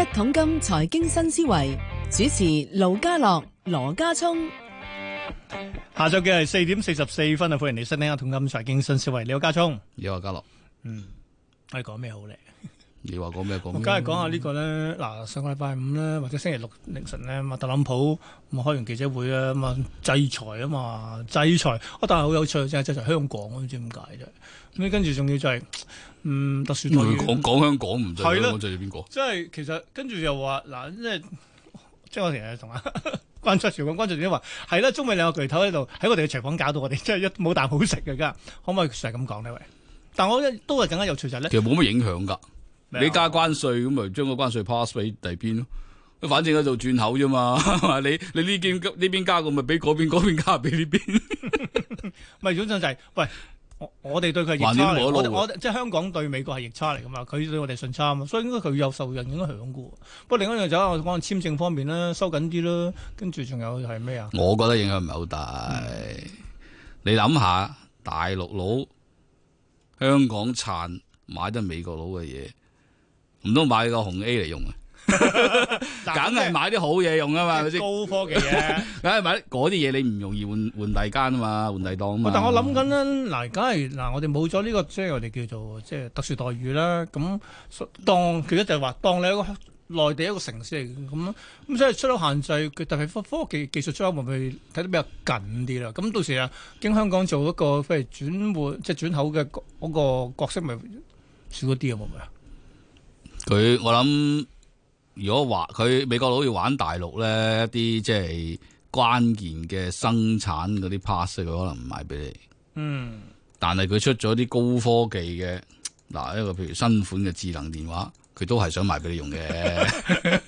一桶金財經新思維，主持盧家樂、羅家聰，下晝嘅係四點四十四分啊！歡迎你收聽一桶金財經新思維，你好家聰，你好家樂，嗯，我哋講咩好咧？ 你話講咩講？梗係講下呢個咧嗱，上個禮拜五咧，或者星期六凌晨咧，特朗普開完記者會啊，咁啊制裁啊嘛，制裁我但係好有趣，就係制裁香港，我唔知點解啫。咁跟住仲要就係嗯特殊待遇。講講香港唔知係即係邊個？即係其實跟住又話嗱，即係即係我成日同阿關焯照講、關焯照話係啦，中美兩個巨頭喺度喺我哋嘅廚房搞到我哋真係一冇啖好食嘅。今日可唔可以成日咁講呢？喂，但我都係更加有趣就係咧，其實冇乜影響噶。你加關稅咁咪將個關稅 pass 俾第邊咯，反正咧做轉口啫嘛。你你呢邊呢邊加個咪俾嗰邊嗰邊加俾呢邊，咪 總就係、是、喂，我哋對佢係逆差我我，我即係香港對美國係逆差嚟噶嘛，佢對我哋順差啊嘛，所以應該佢有受影響嘅。不過另一樣就係、是、我講簽證方面啦，收緊啲咯，跟住仲有係咩啊？我覺得影響唔係好大。嗯、你諗下，大陸佬、香港殘買得美國佬嘅嘢。唔通買個紅 A 嚟用啊？梗係 是 買啲好嘢用啊嘛，高科技嘢，啊，梗係 買啲嗰啲嘢，你唔容易換換大間啊嘛，換大檔嘛。但我諗緊咧，嗱、這個，梗係嗱，我哋冇咗呢個即係我哋叫做即係特殊待遇啦。咁當，其實就係話，當你一個內地一個城市嚟嘅，咁咁所以出到限制，佢特別科技技術出口，咪睇得比較近啲啦。咁到時啊，經香港做一個即係轉換，即係轉口嘅嗰個角色，咪，那個、少一啲啊？冇佢我諗如果話佢美國佬要玩大陸咧，一啲即係關鍵嘅生產嗰啲 pass，佢可能唔賣俾你。嗯，但係佢出咗啲高科技嘅，嗱一個譬如新款嘅智能電話，佢都係想賣俾你用嘅。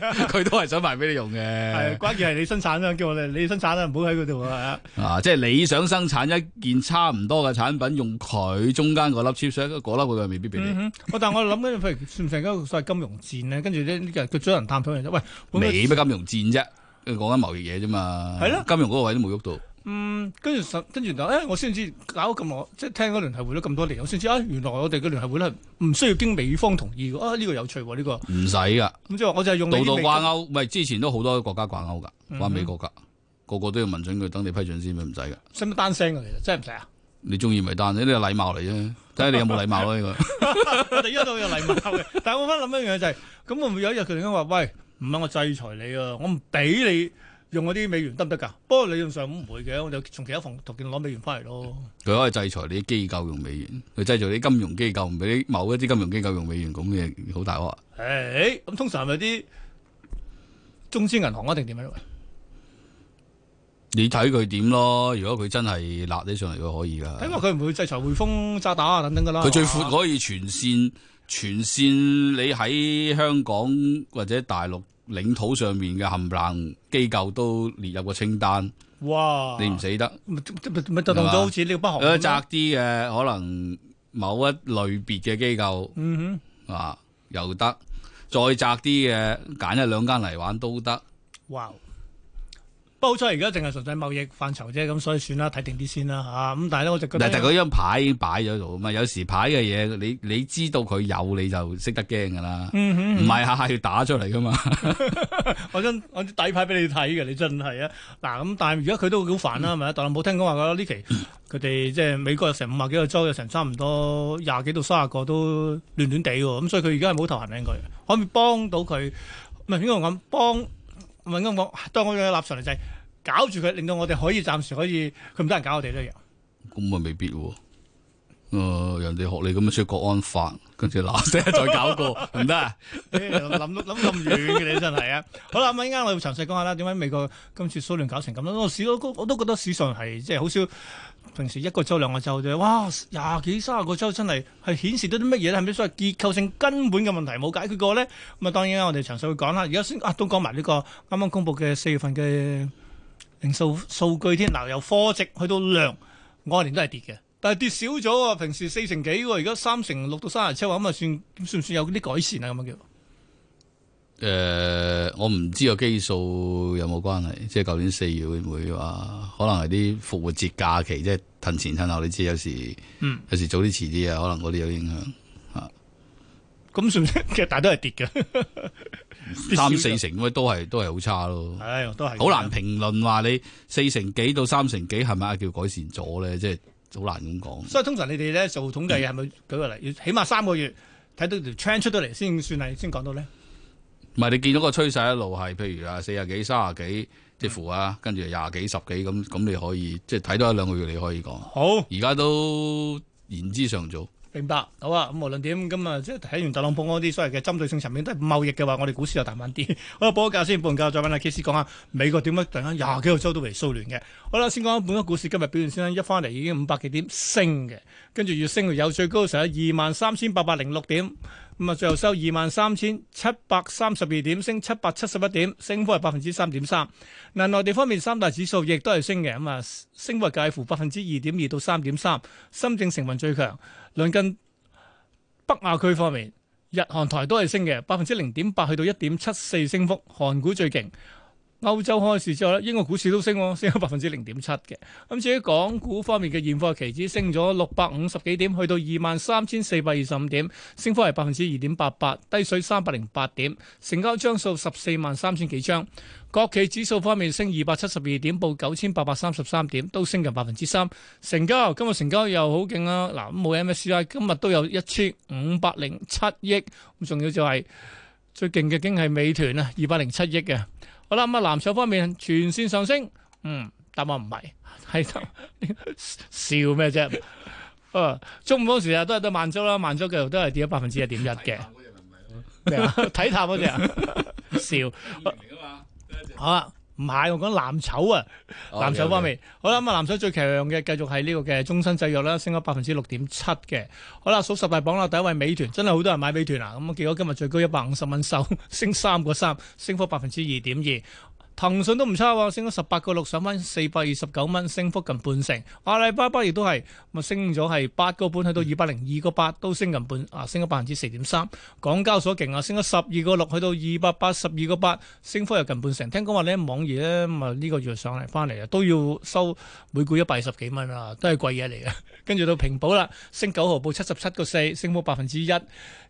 佢 都係想賣俾你用嘅，係關鍵係你生產啦，叫我哋。你生產啦，唔好喺嗰度啊！ 啊，即係你想生產一件差唔多嘅產品，用佢中間嗰粒 chip 嗰粒佢又未必俾你，嗯哦。但我諗緊，譬如唔成個所謂金融戰咧，跟住呢，佢最近探討嘅喂，你咩金融戰啫？講緊貿易嘢啫嘛，的金融嗰個位都冇喐到。嗯，跟住十，跟住就誒，我先知搞咁耐，即係聽嗰個聯繫會咗咁多年，我先知啊，原來我哋嘅聯繫會咧唔需要經美方同意啊，呢個有趣喎，呢個唔使噶，咁即係我就係用道道掛鈎，唔係之前都好多國家掛鈎噶，掛美國噶，個個都要問准佢，等你批准先，咪唔使噶，使乜單聲啊？其實真係唔使啊！你中意咪單，呢啲係禮貌嚟啫，睇下你有冇禮貌咯。呢個我哋一路有禮貌嘅，但係我翻諗一樣嘢就係，咁會唔會有一日佢哋話喂，唔係我制裁你啊，我唔俾你。用嗰啲美元得唔得噶？不過理論上唔會嘅，我就從其他方途徑攞美元翻嚟咯。佢可以制裁你啲機構用美元，佢制裁啲金融機構，俾某一啲金融機構用美元，咁嘅好大鑊。誒，咁通常係咪啲中資銀行一定點樣、啊？你睇佢點咯？如果佢真係辣起上嚟，佢可以噶。因為佢唔會制裁匯豐、渣打啊等等噶啦。佢最闊可以全線哇全線，你喺香港或者大陸。領土上面嘅冚唪唥機構都列入個清單，哇！你唔死得，咪就到咗好似呢個北韓。窄啲嘅可能某一類別嘅機構，嗯哼，啊又得，再窄啲嘅揀一兩間嚟玩都得，哇！好彩而家淨係純粹貿易範疇啫，咁所以算啦，睇定啲先啦嚇。咁、啊、但係咧，我就覺得嗱，係嗰張牌擺咗度啊嘛。有時牌嘅嘢，你你知道佢有，你就識得驚㗎啦。唔係下下要打出嚟㗎嘛。 我將我啲底牌俾你睇嘅，你真係啊嗱。咁但係而家佢都好煩啦，咪啊，但係冇、嗯、聽講話㗎。呢期佢哋即係美國有成五十幾個州，有成差唔多廿幾到卅個都亂亂地喎。咁所以佢而家係冇頭痕佢，可唔可以幫到佢咪呢個咁幫。唔係咁講，當我嘅立場就係、是、搞住佢，令到我哋可以暫時可以，佢唔得人搞我哋都一樣。咁啊，未必喎。誒，人哋學你咁樣，出國安法，跟住嗱，成日再搞過唔得啊！諗諗咁遠嘅你真係啊！好啦，咁我依家我詳細講下啦，點解美國今次騷亂搞成咁咧？我史我都我都覺得史上係即係好少，平時一個州兩個州啫，哇，廿幾卅個州真係係顯示到啲乜嘢咧？係咪所謂結構性根本嘅問題冇解決過咧？咁啊，當然啦，我哋詳細會講啦。而家先啊，都講埋呢個啱啱公布嘅四月份嘅零售數據添。嗱，由貨值去到量，按年都係跌嘅。但係跌少咗喎，平時四成幾喎，而家三成六到三十七喎，咁啊算算唔算有啲改善啊？咁樣叫？誒，我唔知個基數有冇關係，即係舊年四月會唔會話可能係啲復活節假期，即係褪前褪後，你知有時，嗯、有時早啲遲啲啊，可能嗰啲有影響吓。咁、啊、算，算其實大都係跌嘅，三四成都係都係好差咯。都係好、哎、難評論話你四成幾到三成幾係咪叫改善咗咧？即係。好難咁講，所以通常你哋咧做統計嘅係咪舉個例，要、嗯、起碼三個月睇到條 trend 出到嚟先算係先講到咧。唔係，你見到個趨勢一路係，譬如啊四十幾、三十幾，即係乎啊，嗯、跟住廿幾、十幾咁，咁你可以即係睇到一兩個月你可以講。好，而家都言之尚早。明白，好啊！咁無論點，咁啊即係睇完特朗普嗰啲所謂嘅針對性層面，都係貿易嘅話，我哋股市就大慢啲。 好啦，補一價先，半價再問阿 KC 講下美國點樣，突然間廿幾個州都維騷亂嘅。好啦，先講下本港股市今日表現先啦。一翻嚟已經五百幾點升嘅，跟住要升到有最高嘅時候二萬三千八百零六點。咁啊，最後收二萬三千七百三十二點，升七百七十一點，升幅係百分之三點三。嗱，內地方面三大指數亦都係升嘅，咁啊，升幅介乎百分之二點二到三點三。深圳成分最強，鄰近北亞區方面，日韓台都係升嘅，百分之零點八去到一點七四升幅，韓股最勁。歐洲開市之後咧，英國股市都升，升咗百分之零點七嘅。咁至於港股方面嘅現貨期指升咗六百五十幾點，去到二萬三千四百二十五點，升幅係百分之二點八八，低水三百零八點，成交張數十四萬三千幾張。國企指數方面升二百七十二點，報九千八百三十三點，都升近百分之三。成交今日成交又好勁啊！嗱，冇 M S C I 今日都有一千五百零七億。咁仲要就係、是、最勁嘅經係美團啊，二百零七億嘅。好啦，咁啊，藍籌方面全線上升，嗯，但係我唔係，係笑咩啫？ 啊，中午嗰時啊，都係得萬洲啦，萬洲繼續都係跌咗百分之一點一嘅。咩啊？睇塔嗰隻，笑，笑。 好啦，啊。唔係，我講藍籌啊，藍籌方面，好啦，咁啊藍籌最強嘅繼續係呢、這個嘅中生製藥啦，升咗百分之六點七嘅，好啦，數十大榜啦，第一位美團，真係好多人買美團啊，咁結果今日最高一百五十蚊收，升三個三，升幅百分之二點二。騰訊都唔差喎，升咗十八個六，上翻四百二十九蚊，升幅近半成。阿里巴巴亦都係，咪升咗係八個半，去到二百零二個八，都升近半，啊，升咗百分之四點三。港交所勁啊，升咗十二個六，去到二百八十二個八，升幅又近半成。聽講話咧，網易咧，咪、這、呢個月上嚟翻嚟啊，都要收每股一百二十幾蚊啊，都係貴嘢嚟嘅。跟 住到平保啦，升九毫報七十七個四，升幅百分之一。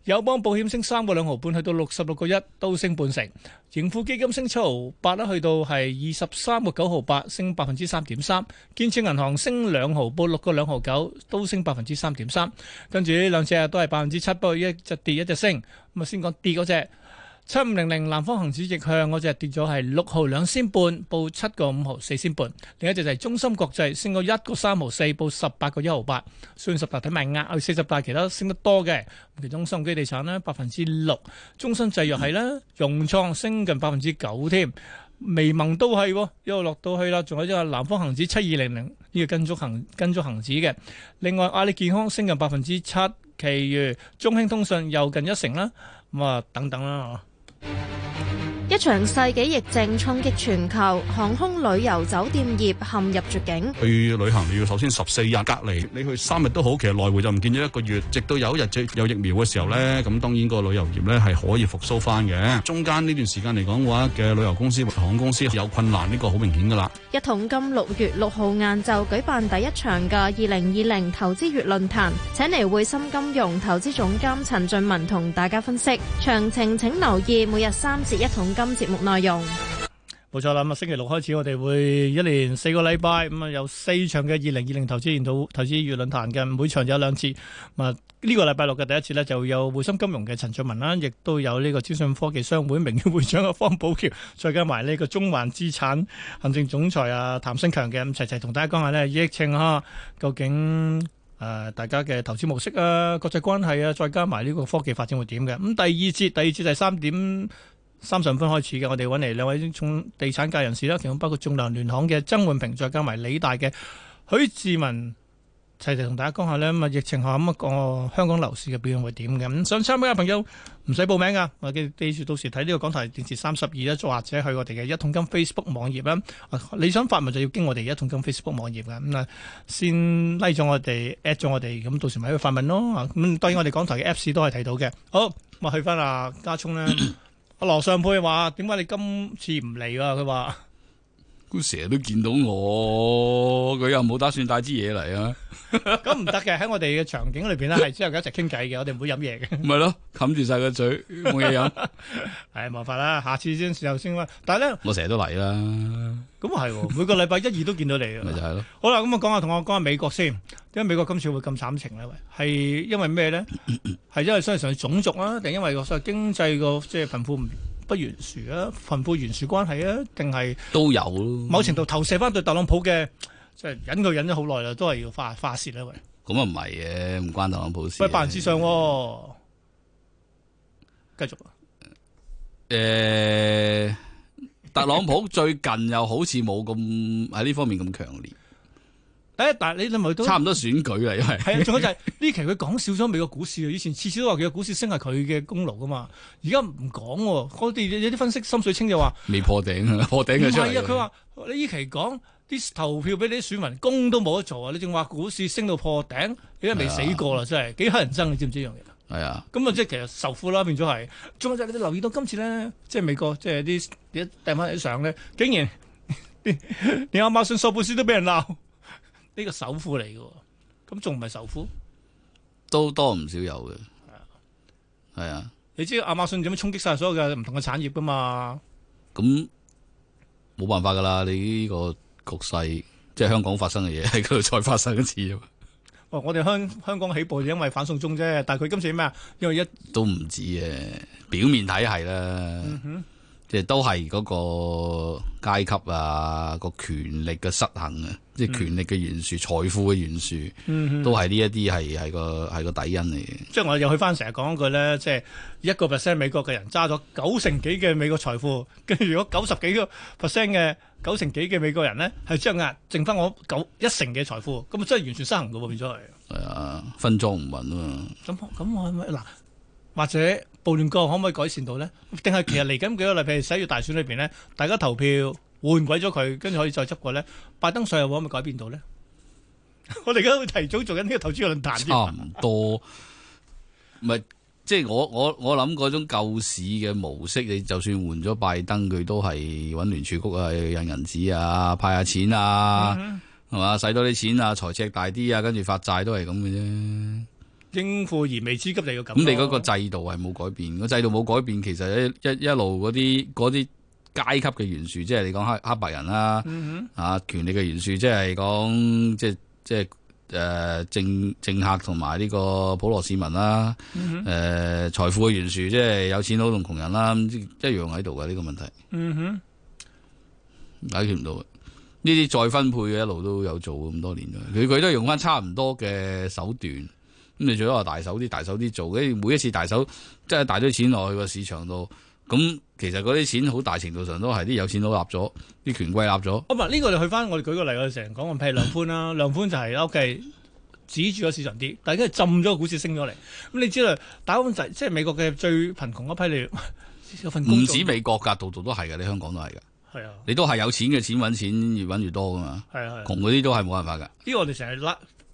友邦保險升三個兩毫半，去到六十六個一，都升半成。盈富基金升七毫八啦，去到係二十三個九毫八，升百分之三點三。建設銀行升兩毫，報六個兩毫九，都升百分之三點三。跟住呢兩隻啊，都係百分之七，不過一就跌一就升。咁啊，先講跌嗰隻七五零零，南方恒指逆向嗰隻跌咗係六毫兩仙半，報七個五毫四仙半。另一隻就係中心國際，升個一個三毫四，報十八個一毫八。算十大睇埋壓，有四十八，其他升得多嘅，其中深基地產咧百分之六，中心製藥係啦，融創升近百分之九添。微盟都係、哦，一路落到去啦，仲有即係南方恒指七二零零呢個跟足行跟足恒指嘅。另外阿里健康升近百分之七，其餘中興通訊又近一成啦。咁啊，等等啦。一場世紀疫症衝擊全球，航空旅遊酒店業陷入絕境。去旅行你要首先十四日隔離，你去三日都好，其實來回就唔見咗一個月。直到有一日即有疫苗嘅時候呢，咁當然個旅遊業呢係可以復蘇返嘅。中間呢段時間嚟講嘅話，嘅旅遊公司、航空公司有困難呢個好明顯㗎喇。一桶金六月六號晏晝舉辦第一場嘅二零二零投資月論壇，請嚟匯深金融投資總監陳俊文同大家分析詳情，請留意每日三節一桶金。今節目內容冇錯啦。咁啊，星期六開始，我哋會一連四個禮拜咁啊，有四場嘅二零二零投資研討會、投資月論壇嘅。每場有兩次。啊，呢個禮拜六嘅第一次呢，就會有匯豐金融嘅陳卓文啦，亦都有呢個資訊科技商會名譽會長嘅方寶橋，再加埋呢個中環資產行政總裁阿、啊、譚新強嘅，咁齊齊同大家講下呢，疫情啊，究竟誒、呃，大家嘅投資模式啊，國際關係啊，再加埋呢個科技發展會點嘅咁。第二次，第二次就係三點，三十分開始嘅，我哋揾嚟兩位從地產界人士啦，其中包括仲量聯行嘅曾煥平，再加埋理大嘅許智文，齊齊同大家講下咧，咁啊疫情下咁啊個香港樓市嘅表現會點嘅。咁想參加嘅朋友唔使報名噶，我哋記住到時睇呢個港台電視三十二啦，再或者去我哋嘅一桶金 Facebook 網頁啦。你想發文就要經我哋一桶金 Facebook 網頁嘅，咁啊先 like 咗我哋，at 咗我哋，咁到時咪去發文咯。咁當然我哋港台嘅 Apps 都係睇到嘅。好，我去翻阿家聰咧。羅尚佩話：點解你今次唔嚟啊？佢話：佢成日都見到我，佢又冇打算帶支嘢嚟啊。咁唔得嘅，喺我哋嘅場景裏邊咧，係之後佢一直傾偈嘅，我哋唔會飲嘢嘅。唔係咯，冚住晒個嘴，冇嘢飲。係、 哎，麻煩啦，下次先時候先啦。但係咧，我成日都嚟啦。咁啊係，每個禮拜一二都見到你啊。咪 就係咯。好啦，咁啊講下，同我講下美國先。點解美國今次會咁慘情咧？係因為咩咧？係因為實際上係種族啊，定因為個經濟個即係貧富不懸殊啊，貧富懸殊關係啊，定係都有咯。某程度投射翻對特朗普嘅，即係忍佢忍咗好耐啦，都係要發發洩啦。喂，咁啊唔係嘅，唔關特朗普事啊。喂、啊，辦事上。繼續。誒、呃，特朗普最近又好似冇咁喺呢方面咁強烈。但係你，你咪都差唔多選舉啊，因為係啊，仲 有就係呢期佢講少咗美國股市啊，以前次次都話佢嘅股市升係佢嘅功勞噶嘛，而家唔講喎，我哋有啲分析心水清就話未破頂，破頂嘅。唔係啊，佢話你呢期講啲投票俾你啲選民，功都冇得做啊，你仲話股市升到破頂，你都未死過啦，是啊、真係幾乞人憎，你知唔知呢樣嘢？係是啊，咁啊，即係其實仇富啦，變咗係。仲有就係、是、你留意到今次咧，即係美國，即係啲掟翻啲相咧，竟然你 阿馬信索布斯都俾人鬧。呢個首富嚟嘅，咁仲唔係首富？都多唔少有嘅，係啊的，係啊的。你知亞馬遜點樣衝擊晒所有嘅唔同嘅產業噶嘛？咁冇辦法噶啦，你呢個局勢即係香港發生嘅嘢喺嗰度再發生一次。哦，我哋香香港起步就因為反送中啫，但係佢今次咩啊？因為一都唔止嘅，表面睇係啦。嗯哼即係都係嗰個階級啊，個權力嘅失衡啊，嗯、即係權力嘅懸殊、財富嘅懸殊，嗯嗯、都係呢一啲係係個係個底因嚟嘅。即係我又去翻成日講一句咧，即係一個 percent 美國嘅人揸咗九成幾嘅美國財富，跟住 如果九十幾個 percent 嘅九成幾嘅美國人咧，係將壓剩翻我九一成嘅財富，咁啊真係完全失衡㗎喎，變咗係。係啊，分贓唔勻啊嘛。咁咁我係咪嗱，或者。暴亂個可唔可以改善到呢？定係其實嚟緊幾個例，譬如十一月大選裏邊呢，大家投票換鬼咗佢，跟住可以再執過呢？拜登上又可唔可以改變到呢？ 我哋而家會提早做緊呢個投資嘅論壇。差唔多，唔係 即係我我我諗嗰種救市嘅模式，你就算換咗拜登，佢都係揾聯儲局啊印銀紙啊派下錢啊，係嘛使多啲錢啊財赤大啲啊，跟住發債都係咁嘅啫。應付而未之急你嘅感覺。咁你嗰個制度係冇改變，個制度冇改變，其實一一一路嗰啲嗰啲階級嘅懸殊，即係你講黑黑白人啦、啊，嗯、哼啊權力嘅懸殊，即係講即係即係誒政政客同埋呢個普羅市民啦，誒財富嘅懸殊，即係有錢佬同窮人啦，咁一樣喺度嘅呢個問題。嗯哼，解決唔到嘅。呢啲再分配嘅一路都有做咁多年，佢佢都用翻差唔多嘅手段。咁你最多係大手啲，大手啲做嘅。每一次大手，即係大堆錢落去個市場度，咁其實嗰啲錢好大程度上都係啲有錢佬立咗，啲權貴立咗。咁啊，呢、這個就去翻我哋舉個例，我哋成日講，譬如 量寬啦，量寬就係 o k 止住個市場跌，但係跟住浸咗個股市升咗嚟。咁、嗯、你知道，大部分實即係美國嘅最貧窮一批你， 有份唔止美國噶，度度都係噶，你香港都係噶。係啊，你都係有錢嘅錢搵錢，越搵越多噶嘛。係係、啊，窮嗰啲都係冇辦法噶。呢、這個我哋成日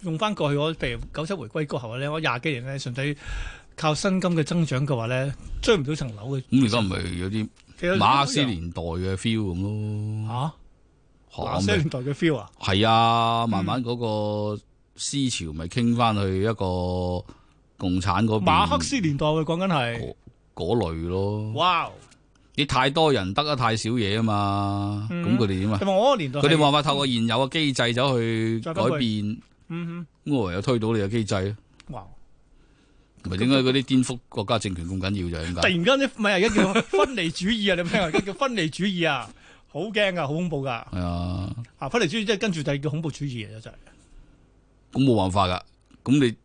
用翻過去我譬如九七回歸過後咧，我廿幾年咧純粹靠薪金嘅增長嘅話咧，追唔到層樓嘅。咁而家咪有啲馬克思年代嘅 feel 咁咯。嚇、啊啊？馬克思年代嘅 feel 啊？係啊，慢慢嗰個思潮咪傾翻去一個共產嗰邊。馬克思年代會講緊係嗰類咯。哇！你太多人得得太少嘢啊嘛。咁佢哋點啊？佢哋冇辦法透過現有嘅機制走去改變。嗯哼，我唯有推到你嘅機制啊！哇，唔係點解嗰啲顛覆國家政權咁緊要，就突然間啲唔係而家叫分離主義啊！你唔聽啊？而家叫分離主義啊，好驚噶，好恐怖噶。係啊，啊分離主義即係跟住就係叫恐怖主義啊，嚟就真係。咁冇辦法噶，咁你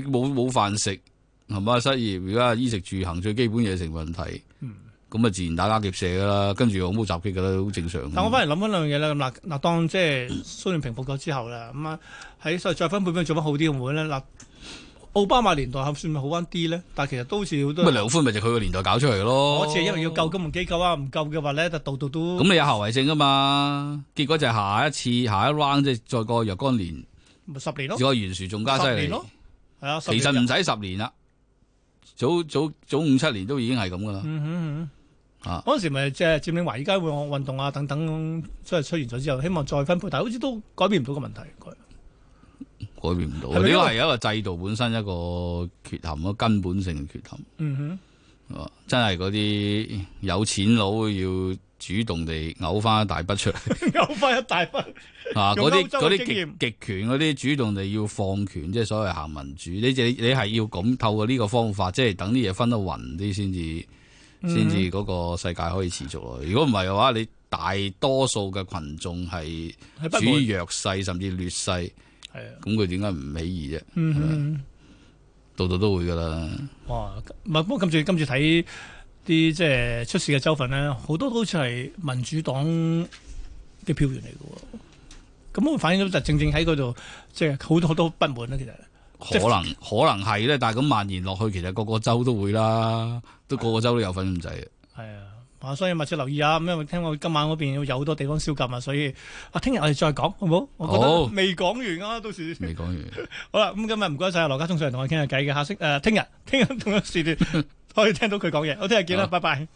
你冇冇飯食係嘛？失業而家衣食住行最基本嘢成問題。嗯咁啊，自然打打劫射噶啦，跟住恐怖襲擊噶啦，好正常。但我翻嚟諗翻兩樣嘢啦，咁嗱嗱，當即係蘇聯平復咗之後啦，咁啊喺再分配唔係做乜好啲會唔會咧？嗱，奧巴馬年代合算咪好翻啲咧？但係其實都似好多。咁咪量寬咪就佢個年代搞出嚟咯。我知，因為要救金融機構啊，唔救嘅話咧，就度度都咁你有後遺症啊嘛？結果就係下一次、嗯、下一 round 即係再過若干年咪十年咯，再個懸殊仲加犀利。係啊，其實唔使十年啦，早早早五七年都已經係咁噶啦。嗯哼哼嗰陣、啊、時咪即係佔領華爾街運運動啊等等，即係出現咗之後，希望再分配，但係好似都改變唔到個問題，改變唔到。呢、呢個係一個制度本身一個缺陷咯，個根本性嘅缺陷。嗯哼，啊、真係嗰啲有錢佬要主動地嘔翻一大筆出嚟，嘔翻 一大筆。啊，嗰啲啲極極權嗰啲主動地要放權，即係所謂行民主。你你你係要咁透過呢個方法，即係等啲嘢分得勻啲先至。先至嗰個世界可以持續咯。如果唔係嘅話，你大多數嘅群眾係處於弱勢甚至劣勢，咁佢點解唔起義啫？嗯嗯，度度都會噶啦。哇，唔係，不過今次今次睇啲即係出事嘅州份咧，好多都好似係民主黨啲票源嚟嘅喎。咁我反映到就正正喺嗰度，即係好多好多都不滿啦，其實。可能可能係咧，但係咁蔓延落去，其實個個州都會啦，都個個州都有份咁滯嘅。係啊，啊，所以密切留意啊。咁因為聽我今晚嗰邊有好多地方宵禁啊，所以啊，聽日我哋再講好唔好？好，未講完啊，到時未講完。 好啦，咁今日唔該晒羅家聰，上嚟同我傾下偈嘅，下息誒，聽日聽日同一時段 可以聽到佢講嘢，我聽日見啦，哦、拜拜。